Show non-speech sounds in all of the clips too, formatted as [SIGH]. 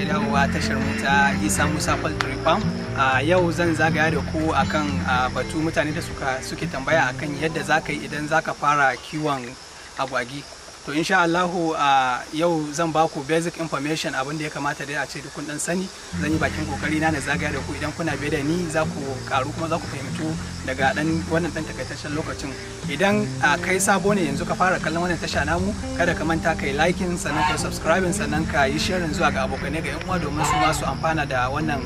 sake dawowa tashar mota isa musa poultry farm a yau zan zagaya da ku akan batu mutane da suke tambaya akan yadda za ka yi idan za ka fara kiwon agwagi to insha Allah a yau zan ba ku basic information abin da ya kamata dai a ce duk kun dan sani zan yi bakin kokari na na zagaya da ku idan kuna biye da ni za ku karu kuma za ku fahimtu daga dan wannan dan takaitaccen lokacin idan kai sabo ne yanzu ka fara kallon wannan tasha namu kada ka manta kai liking sannan ka subscribing sannan ka yi sharing zuwa ga abokanai ga yan uwa domin su ma su amfana da wannan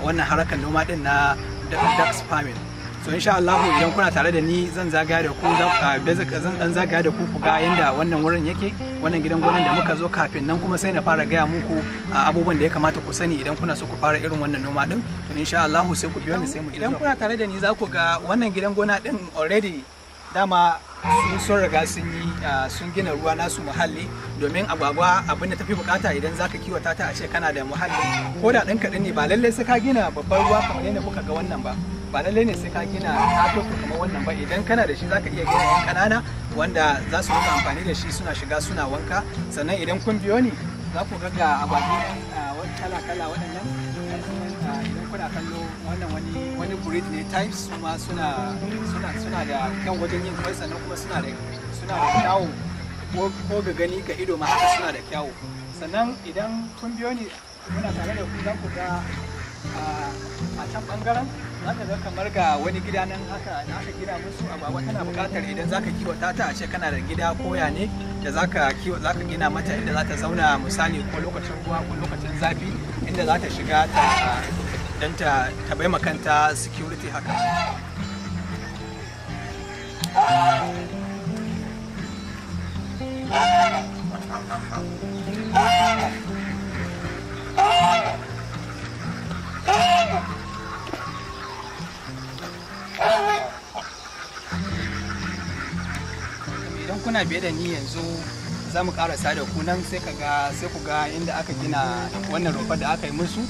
wannan harakan noma din na duck farming so insha Allah idan kuna tare da ni zan zagaya da ku ah, zan dan zagaya da ku ku ga yanda wannan wurin yake wannan gidan gonan da muka zo kafin nan kuma sai na fara gaya muku ah, abubuwan da ya kamata ku sani idan kuna so ku fara irin wannan noma din to insha Allah sai ku biyo ni sai mu idan kuna tare da ni za ku ga wannan gidan gona din already dama sun riga sun yi ah, sun gina ruwa nasu muhalli domin agwagwa abin da tafi bukata idan zaka kiwata ta a ce kana da muhalli ko da ɗan kaɗan ne ba lallai sai ka gina babbar ruwa kamar yadda kuka ga wannan ba ba lallai ne sai ka gina katoto kamar wannan ba idan kana da shi zaka iya gina yan kanana wanda za su rika amfani da shi suna shiga suna wanka sannan idan kun biyo ni za ku ga ga ababe kala kala waɗannan idan kuna kallo wannan wani wani breed ne types kuma suna suna suna da kyan wajen yin kwai sannan kuma suna da suna da kyawu ko ga gani ga ido ma haka suna da kyawu sannan idan kun biyo ni muna tare da ku za ku ga a can bangaren zaka ga kamar ga wani gida nan haka na aka gina musu a baba tana bukatar idan zaka kiwata ta ashe kana da gida koya ne da zaka kiwo zaka gina mata inda za ta zauna misali ko lokacin ruwa ko lokacin zafi inda za ta shiga ta dan ta ta bai makanta security haka ana biye da ni yanzu za mu karasa da ku nan sai ga sai ku ga inda aka gina wannan rufa da aka yi musu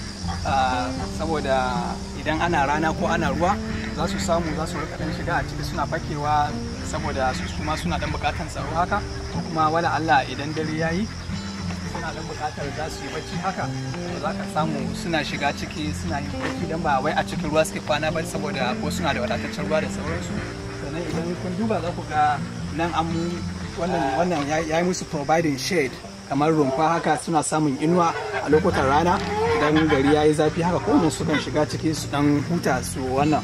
ah, saboda idan ana rana ko ana ruwa za su samu za su rika shiga a ciki suna fakewa saboda su kuma suna dan bukatan tsaro haka to kuma wala Allah idan dare yayi suna dan bukatar za su yi bacci haka za ka samu suna shiga ciki suna yin bacci dan ba wai a cikin ruwa suke kwana ba saboda ko suna da wadataccen ruwa da sauransu sannan idan kun duba za ku ga nan an wannan wannan ya musu providing shade kamar rumfa haka suna samun inuwa a lokutan rana dan gari ya yi zafi haka ko su kan shiga ciki su dan huta su wannan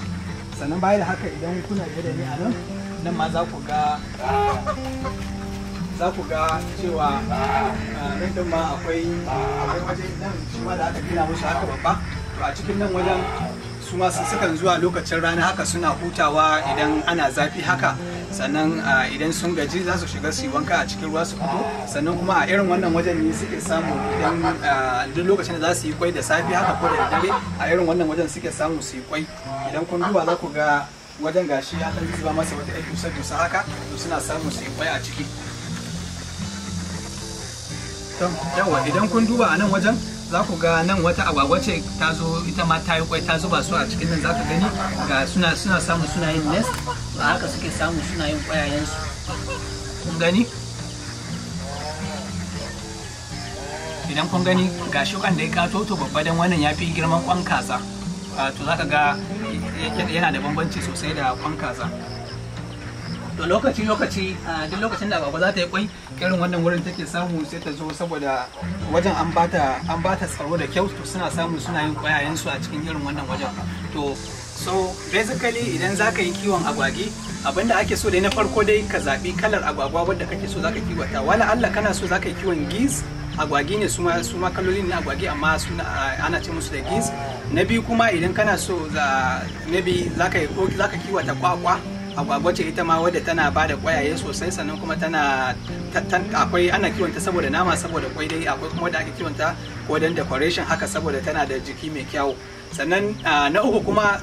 sannan bayan da haka idan kuna da ni a nan nan ma za ku ga za ku ga cewa ah, nan din ma akwai akwai waje nan shi ma da aka gina musu haka babba to a cikin nan wajen su ma sukan zuwa lokacin rana haka suna hutawa idan ana zafi haka sannan idan sun gaji za su shiga su wanka a cikin ruwa su fito sannan kuma a irin wannan wajen ne suke samu idan duk lokacin da za su yi kwai da safe haka ko da dare a irin wannan wajen suke samu su yi kwai idan kun duba za ku ga wajen gashi ya kan zuba masa wata ɗan dusa dusa haka to suna samu su yi kwai a ciki yawa idan kun duba a nan wajen za ku ga nan wata agwagwa ce ta zo ita ma ta yi kwai ta zuba su a cikin nan za ka gani ga suna suna samu suna yin nest ba haka suke samu suna yin su kun gani idan kun gani ga shukan da ya kato to babba dan wannan ya fi girman kwan kaza to za ka ga yana da bambanci sosai da kwan kaza to lokaci lokaci duk lokacin da agwagwa za ta yi kwai irin wannan wurin take samu sai ta zo saboda wajen an bata an bata tsaro da kyau to suna samu suna yin kwayayen su a cikin irin wannan wajen to so basically idan zaka yi kiwon agwagi abinda ake so dai na farko dai ka zabi kalar agwagwa wanda kake so zaka kiwata wala Allah kana so zaka yi kiwon geese agwagi ne suma suma kalolin na agwagi amma suna ana ce musu da geese na biyu kuma idan kana so za na biyu zaka zaka kiwata kwakwa agwagwa ce ita ma wadda tana ba da kwayaye sosai sannan kuma tana akwai ana kiwonta saboda nama saboda kwai dai akwai kuma da ake kiwonta ko dan decoration haka saboda tana da jiki mai kyau sannan na uku kuma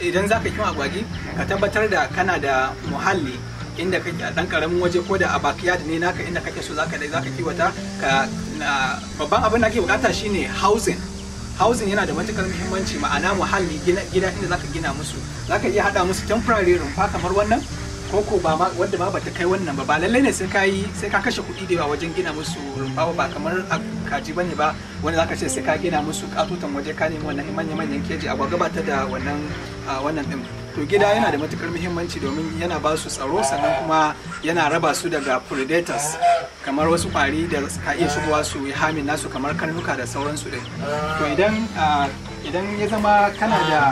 idan zaka kiwon agwagi ka tabbatar da kana da muhalli inda kake a dan karamin waje ko da a backyard ne naka inda kake so zaka zaka kiwata ka babban abin da ake bukata shine housing housing yana da matukar muhimmanci ma'ana muhalli gida inda zaka gina musu zaka iya hada musu temporary rumfa kamar wannan koko ba wanda ma bata kai wannan ba ba lallai ne sai ka sai ka kashe kuɗi da a wajen gina musu rumfa ba kamar a kaji bane ba wanda zaka ce sai ka gina musu katutan waje ka nemi wannan manyan manyan keji a ta da wannan wannan din to gida yana da matukar muhimmanci domin yana ba su tsaro sannan kuma yana raba su daga predators kamar wasu kwari da ka iya shigowa su yi hamin nasu kamar karnuka da sauransu din to idan idan ya zama kana da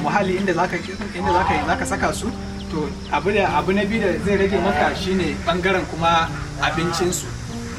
muhalli inda zaka inda zaka ka saka su to abu da abu na biyu da zai rage maka shine bangaren kuma abincinsu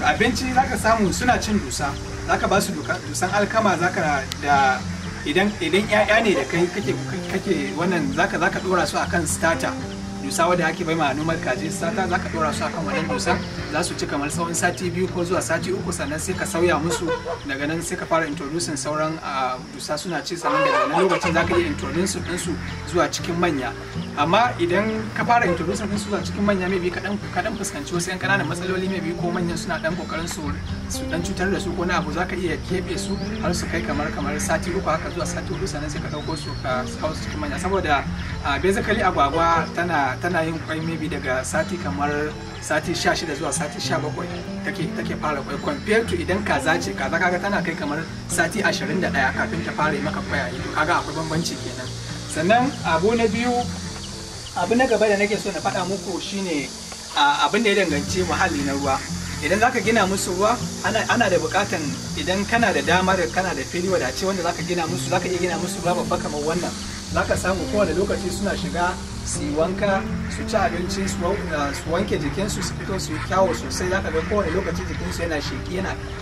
abinci zaka samu suna cin dusa zaka ba su dusan alkama zaka da idan idan yaya ne da kai kake kake wannan zaka zaka dora su akan starter dusa wadda ake bai ma numar kaji sata za dora su akan wannan dusan za su ci kamar tsawon sati biyu ko zuwa sati uku sannan sai ka sauya musu daga nan sai ka fara introducing sauran ah, dusa suna ci sannan daga nan lokacin za ka iya introducing su zuwa cikin manya amma idan ka fara introducing din su a cikin manya mai kaɗan kadan fuskanci wasu 'yan ƙananan matsaloli mai ko manyan suna ɗan ƙoƙarin su su ɗan cutar da su ko na abu za ka iya kebe su har su kai kamar kamar sati uku haka zuwa sati uku sannan sai ka ɗauko su ka kawo su cikin manya saboda basically agwagwa tana tana yin kwai maybe daga sati kamar sati sha shida zuwa sati sha bakwai take take fara kwai compared to idan kaza ce kaza kaga tana kai kamar sati ashirin da kafin ta fara yi maka kwai kaga akwai bambanci kenan sannan abu na biyu Abin na gaba da nake so na faɗa muku shine abin da ya danganci muhalli na ruwa idan zaka gina musu ruwa ana da bukatan idan kana da damar kana da fili wadace wanda zaka gina musu zaka iya gina musu ruwa babba kamar wannan zaka samu kowane lokaci suna shiga su wanka su ci abinci ah, su wanke jikinsu su fito su yi kyawo sosai za ka ga kowane lokaci jikinsu yana sheki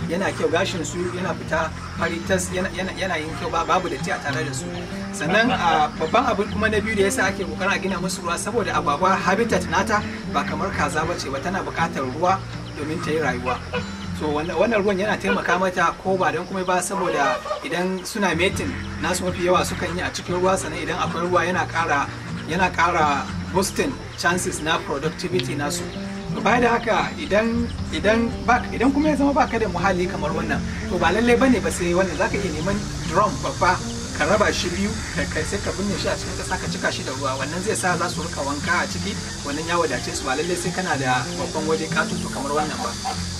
yana kyau gashin su yana fita faritas yana yin kyau babu datti a tare da su sannan ah, babban abin kuma na biyu da yasa ake kokarin a gina musu ruwa saboda agwagwa habitat nata ba kamar kaza ba ce ba tana bukatar ruwa domin ta yi rayuwa to wannan ruwan yana taimaka mata ko ba don kuma ba saboda idan suna metin nasu mafi yawa sukan yi a cikin ruwa sannan idan akwai ruwa yana kara. yana ƙara boston chances na productivity nasu baya da haka idan idan kuma ya zama baka da muhalli kamar wannan to ba lallai bane ba sai wannan zaka iya neman drum babba ka raba shi biyu ka sai ka binne shi a cikin ƙasa ka cika shi da ruwa wannan zai sa za su rika wanka a ciki wannan ya wadace su ba lallai sai kana da babban waje katutu kamar wannan ba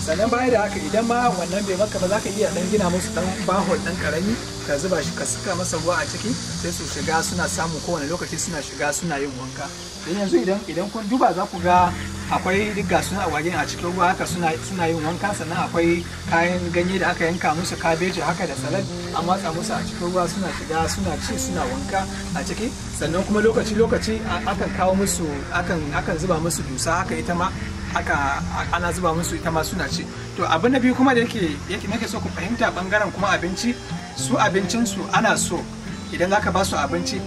sannan baya da haka idan ma wannan bai maka ba zaka iya dan gina musu dan bahol dan karami ka zuba shi ka saka masa ruwa a ciki sai su shiga suna samu kowane lokaci suna shiga suna yin wanka don yanzu idan idan kun duba za ku ga akwai diga suna wagen a cikin ruwa haka suna suna yin wanka sannan akwai kayan ganye da aka yanka musu kabeji haka da salad an matsa musu a cikin ruwa suna shiga suna ci suna wanka a ciki sannan kuma lokaci lokaci akan kawo musu akan akan zuba musu dusa haka ita ma haka ana zuba musu ita ma suna ci to abin na biyu kuma da yake yake nake so ku fahimta bangaren kuma abinci su abincinsu ana so idan za ka ba su abinci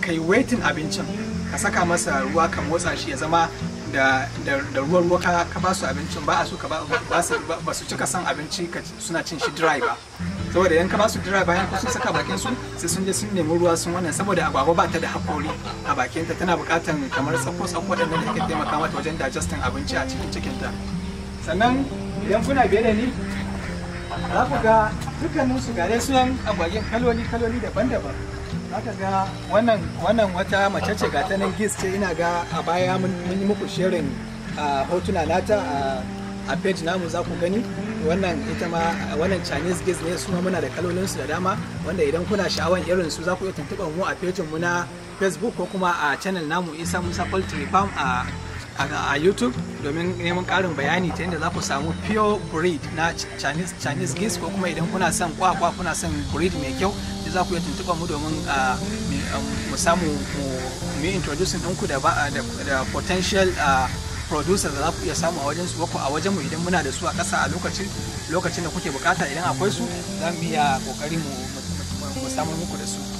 ka yi waitin abincin ka saka masa ruwa ka motsa shi ya zama da ruwan ruwa ka ba su abincin ba a so ka ba su cika son abinci suna cin shi dry ba saboda idan ka ba su dry bayan sun saka bakin su sai sun je sun nemi ruwa sun wannan saboda agwagwa ba ta da hakori a bakin ta tana bukatan kamar tsakko tsakko da nan da ke taimaka mata wajen digesting abinci a cikin cikinta sannan idan kuna biye da ni za ku ga dukkanin su gare su yan agwagin kaloli kaloli daban-daban ka ga wannan wannan wata mace ce ga ta nan gis ce ina ga a baya mun yi muku shirin hotuna nata a page namu za ku gani wannan ita ma wannan chinese gis ne su muna da kalolin su da dama wanda idan kuna sha'awan irin su za ku iya tuntuɓar mu a pejin mu na facebook ko kuma a channel namu isa musa poultry farm a a youtube domin neman karin bayani ta yadda za ku samu pure breed na chinese chinese geese ko kuma idan kuna son kwakwa kuna son breed mai kyau da za ku iya tuntuɓa mu domin mu samu mu introducing ɗinku da potential producer da za ku iya samu a wajen su ko a wajen mu idan muna da su a ƙasa a lokacin lokacin da kuke bukata idan akwai su za mu iya kokari mu samu muku da su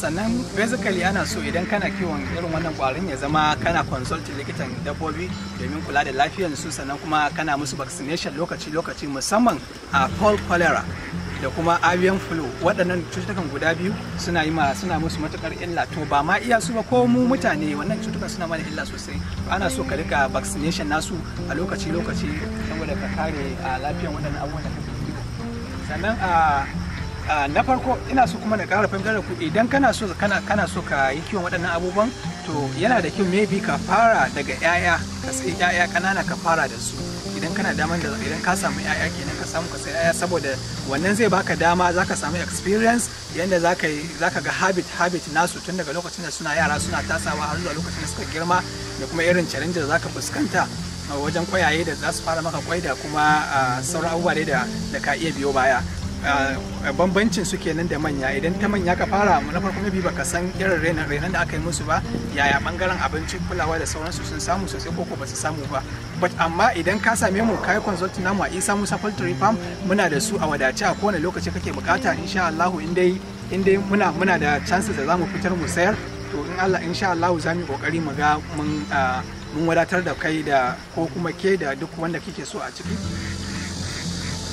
sannan basically ana so idan kana kiwon irin wannan kwarin ya zama kana consulting likitan dabbobi domin kula da lafiyar su sannan kuma kana musu vaccination lokaci-lokaci musamman a fall cholera da kuma avian flu waɗannan cututtukan guda biyu suna yi suna musu matukar illa to ba ma iya su ba ko mu mutane wannan cututtuka suna mana illa sosai ana so ka rika vaccination nasu a lokaci-lokaci saboda ka kare lafiyar waɗannan abubuwan da kake sannan a Ah, na farko ina so kuma na ƙara fahimtar ku idan kana so kana kana so ka yi kiwon waɗannan abubuwan to yana da kyau maybe ka fara daga 'ya'ya ka sai 'ya'ya ƙanana ka fara da su idan kana dama da idan ka samu 'ya'ya kenan ka samu ka sai 'ya'ya saboda wannan zai baka dama zaka samu experience yanda zaka zaka ga habit habit nasu tun daga lokacin da suna yara suna tasawa har zuwa lokacin da suka girma da kuma irin challenge da zaka fuskanta wajen kwayaye da za su fara maka kwai da kuma ah, sauran abubuwa da ka iya biyo baya bambancin su kenan da manya idan ta manya ka fara na farko mabi baka san irin renan renan da aka yi musu ba yaya bangaren abinci kulawa da sauransu sun samu sosai ko ba su samu ba but amma idan ka same mu kai consulting namu a Isa Musa Poultry Farm muna da su a wadace a kowane lokaci kake bukata insha Allah in dai in dai muna muna da chances da zamu fitar mu sayar to in Allah insha Allah za mu kokari mu ga mun wadatar da kai da ko kuma ke da duk wanda kike so a ciki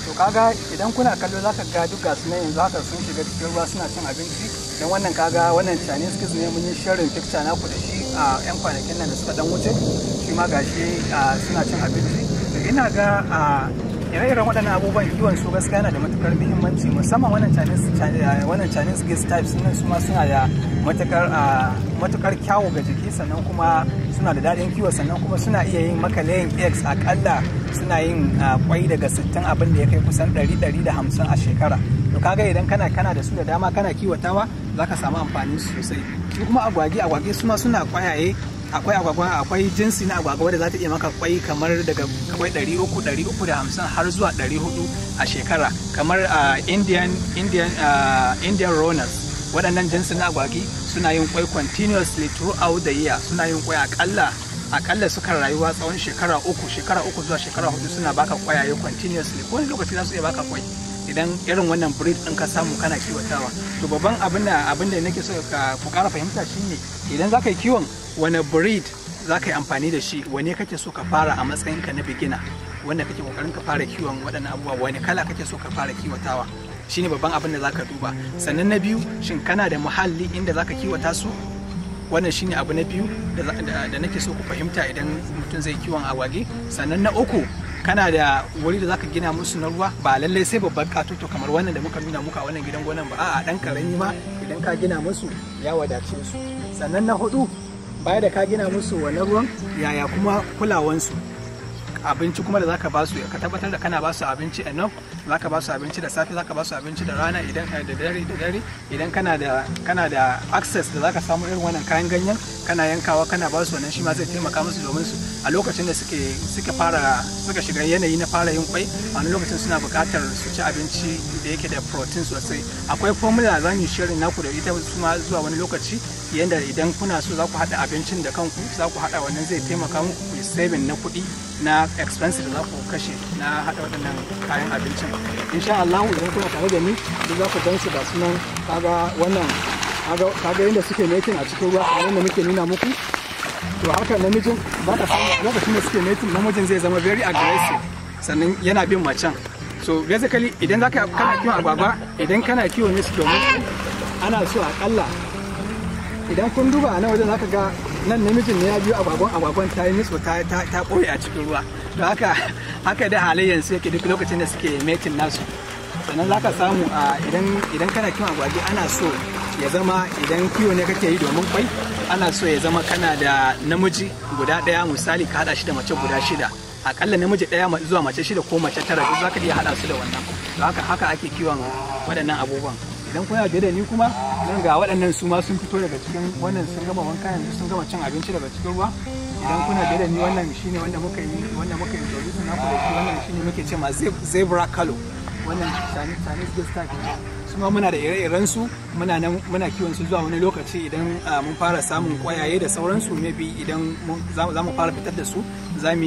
to kaga idan kuna kallo zaka ga duk gasu nan yanzu haka sun shiga cikin ruwa suna cin abinci dan wannan kaga wannan Chinese kids ne mun yi sharing picture naku da shi a yan kwanakin nan da suka dan wuce shi ma gashi suna cin abinci ina ga ire-iren waɗannan abubuwan kiwon su gaskiya na da matukar muhimmanci musamman wannan chinese wannan chinese guest types sunan su ma suna da matukar matukar kyawu ga jiki sannan kuma suna da daɗin kiwo sannan kuma suna iya yin makalayin eggs akalla suna yin kwai daga 60 abin da ya kai kusan 100-150 a shekara to kaga idan kana kana da su da dama kana kiwatawa zaka samu amfani sosai kuma agwagi agwagi su suna kwayaye akwai agwagwa akwai jinsi na agwagwa da za ta iya maka kwai kamar daga kwai 300 350 har zuwa 400 a shekara kamar indian indian indian runners waɗannan na agwagi suna yin kwai continuously throughout the year suna yin kwai akalla akalla suka rayuwa tsawon shekara uku shekara uku zuwa shekara hudu suna baka kwayaye continuously kowane lokaci za su iya baka kwai idan irin wannan breed ɗin ka samu kana kiwatawa to babban abin da abin da nake so ka ku ƙara fahimta shine idan zaka yi kiwon wani breed zaka yi amfani da shi wani kake so ka fara a matsayin ka na bigina wanda kake kokarin ka fara kiwon waɗannan abubuwa wani kala kake so ka fara kiwatawa shine babban abin da zaka duba sannan na biyu shin kana da muhalli inda zaka kiwata su wannan shine abu na biyu da nake so ku fahimta idan mutum zai kiwon awage sannan na uku kana da wuri da zaka gina musu na ruwa ba lallai sai babban katoto kamar wannan da muka nuna muka a wannan gidan gonan ba a'a dan karami ma idan ka gina musu ya wadace su sannan na hudu baya da ka gina musu wannan ruwan yaya kuma kulawansu abinci kuma da zaka ba su ka tabbatar da kana ba su abinci enough zaka ba su abinci da safe zaka ba su abinci da rana idan da dare da dare idan kana da kana da access da zaka samu irin wannan kayan ganyen kana yankawa kana ba su wannan shi ma zai taimaka musu domin su a lokacin da suke suke fara suka shiga yanayi na fara yin kwai a wani lokacin suna bukatar su ci abinci da yake da protein sosai akwai formula za mu shirin naku da ita su ma zuwa wani lokaci yanda idan kuna so za ku haɗa abincin da kanku za ku haɗa wannan zai taimaka muku saving na kuɗi na expense da za ku kashe na haɗa waɗannan kayan abincin in sha Allah idan kuna tare da ni duk za ku gan su ga sunan kaga wannan kaga yadda suke mekin a cikin ruwa a da muke nuna muku to haka namijin ba ka samu lokacin da suke mekin namijin zai zama very aggressive sannan yana bin macen so basically idan za ka kana kiwon agwagwa idan kana kiwon ne su domin ana so akalla idan kun duba a nan wajen za ka ga nan namijin ne ya biyo agwagon agwagon ta yi nisu ta koya cikin ruwa to haka haka da halayen su yake duk lokacin da suke metin nasu sannan za ka samu a idan kana kiwon agwagi ana so ya zama idan kiwo ne kake yi domin kwai ana so ya zama kana da namiji guda daya misali ka hada shi da mace guda shida akalla namiji daya zuwa mace shida ko mace tara duk ka iya hada su da wannan to haka haka ake kiwon waɗannan abubuwan dan kuna da ni kuma nan ga waɗannan su ma sun fito daga cikin wannan sun gama wanka yanzu sun gama cin abinci daga cikin ruwa idan kuna da ni wannan shine wanda muka yi wanda muka yi introduce na ku da shi wannan shine muke ce ma zebra kalo wannan chinese guest ke su ma muna da ire-iren su muna nan muna kiwon su zuwa wani lokaci idan mun fara samun kwayaye da sauransu maybe idan za mu fara fitar da su za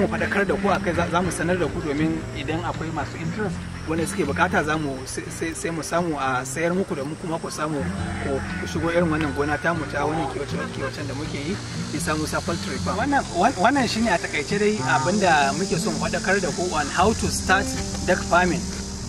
mu faɗakar da ku akai za mu sanar da ku domin idan akwai masu interest wanda suke bukata za mu sai mu samu a sayar muku da mu kuma ku samu ku shigo irin wannan gona ta mu ta wannan kiwacen da muke yi ya samu sa poultry farm wannan wannan shine a takaice dai abinda muke son faɗakar da ku on how to start duck farming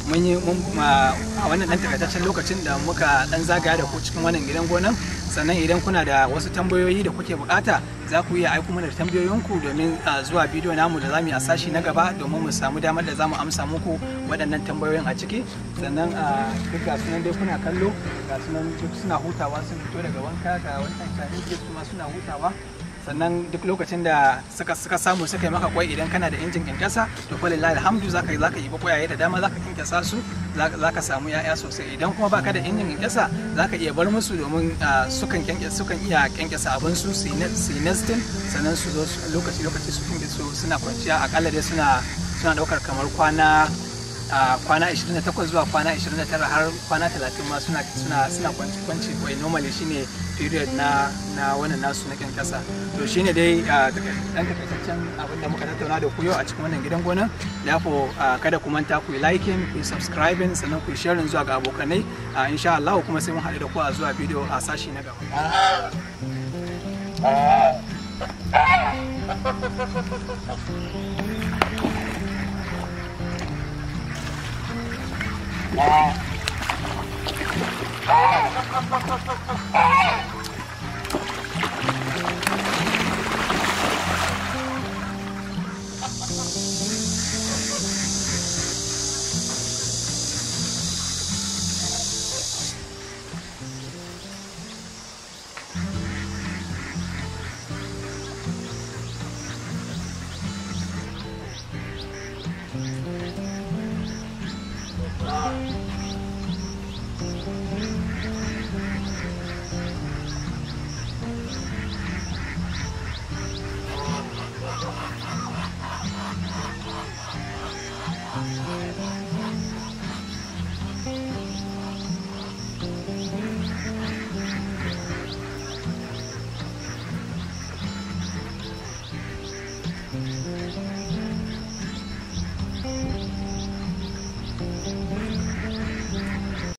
mun yi a wannan dan takaitaccen lokacin da muka dan zagaya da ku cikin wannan gidan gonan sannan idan kuna da wasu tambayoyi da kuke bukata za ku iya aiko mana da tambayoyinku domin ah, zuwa bidiyo namu da zamu yi a sashi na gaba domin mu samu damar da zamu amsa muku waɗannan tambayoyin a ciki sannan a ah, duk ga sunan dai kuna kallo ga sunan duk suna hutawa sun fito daga wanka ga wannan chinese suna hutawa sannan duk lokacin da suka samu suka yi maka kwai idan kana da injin kinkasa to fa lillahi alhamdu zaka zaka yi kwaya da dama zaka kinkasa su zaka samu yaya sosai idan kuma baka da injin kinkasa zaka iya bar musu domin ah, sukan su kan iya kinkasa abin su sannan su zo lokaci lokaci su kinkasa suna kwanciya akalla dai suna suna daukar kamar kwana a kwana 28 zuwa kwana 29 har kwana 30 ma suna suna suna kwanci kwanci wai normally shine period na na wannan nasu na kan kasa to shine dai dan takaitaccen abin da muka tattauna da ku yau a cikin wannan gidan gonan therefore kada ku manta ku like ku subscribe sannan ku share zuwa ga abokanai insha Allah kuma sai mun haɗu da ku a zuwa video a sashi na gaba Ah! ah. ah. [LAUGHS] Ah!